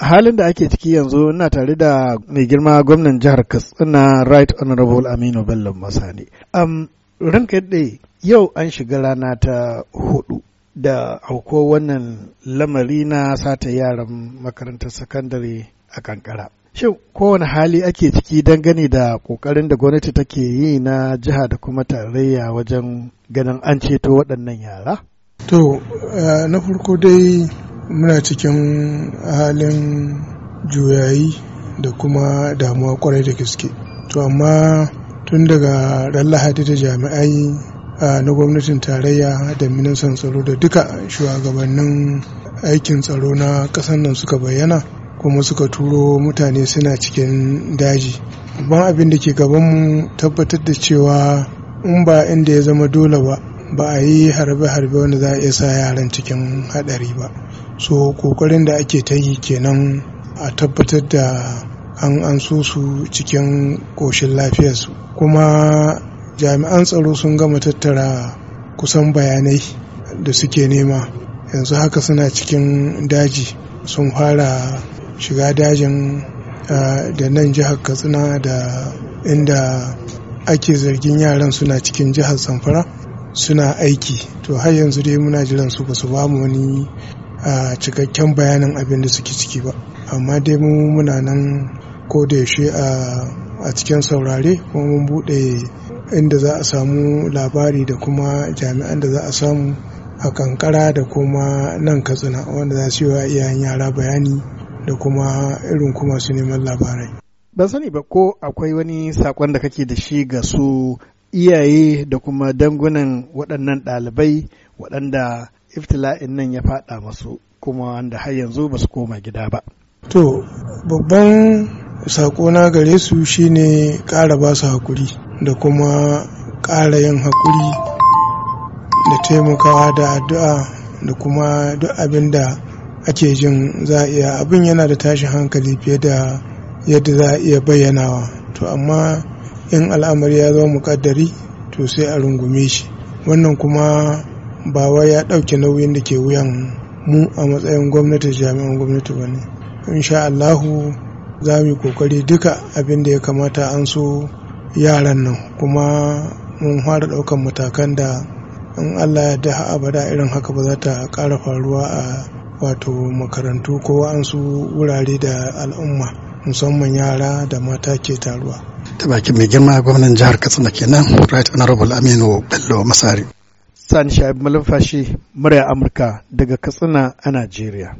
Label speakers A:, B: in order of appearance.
A: halin da ake ciki yanzu ina tare da mai girma gwamnan jihar katsina right honorable aminu bello masani um, ranka yadda yau an shiga rana ta hudu da auko wannan lamari na sata yaran makarantar sakandare a kankara shin kowane hali ake ciki dangane da kokarin da gwamnati take yi na jiha da kuma tarayya wajen ganin an ceto waɗannan
B: yara to eh, na farko dai muna cikin halin juyayi da kuma damuwa kwarai da gaske to amma tun daga ran lahadi da jami'ai na gwamnatin tarayya da ministan tsaro da duka shugabannin aikin tsaro na ƙasar nan suka bayyana kuma suka turo mutane suna cikin daji babban abin da ke gabanmu tabbatar da cewa in ba inda ya zama dole ba ba a yi harbe-harbe wanda za a iya sa yaran cikin haɗari ba so kokarin da ake ta yi kenan a tabbatar da an an su cikin ƙoshin lafiyarsu kuma jami'an tsaro sun gama tattara kusan bayanai da suke nema yanzu haka suna cikin daji sun fara shiga dajin da nan jihar katsina da inda ake zargin yaran suna cikin jihar zamfara suna aiki to har yanzu dai muna jiran su basu su ba mu wani cikakken bayanin abin da suke ciki ba amma dai mu muna nan ko da yaushe a cikin saurare kuma mun buɗe inda za a samu labari da kuma jami'an da za a samu a kankara da kuma nan katsina wanda za su yi wa yara bayani da kuma irin kuma su neman labarai.
A: Ban sani ba ko akwai wani sakon da kake da shi ga su iyaye da kuma dangunan waɗannan ɗalibai waɗanda iftila'in nan ya faɗa masu kuma wanda har yanzu ba su koma gida ba.
B: To, babban na gare su shine ƙara ba su haƙuri da kuma ƙara yin haƙuri da taimakawa da addu'a da kuma duk abin da ake jin za a iya abin yana da tashin hankali fiye da yadda za a iya bayyanawa. To, amma in al'amari ya zama muƙaddari to sai a rungume shi wannan kuma ba wai ya ɗauke nauyin da ke wuyan mu a matsayin gwamnati jami'an gwamnati ba ne insha allahu za mu yi kokari duka abin da ya kamata an so yaran nan kuma mun fara ɗaukan matakan da in allah ya da abada irin haka ba za ta ƙara faruwa a wato makarantu ko an su wurare da al'umma musamman yara da mata ke taruwa
A: ta bakin mai girma gwamnan jihar katsina kenan right honorable aminu bello masari
B: sani shaib malumfashi
A: murya amurka daga katsina a najeriya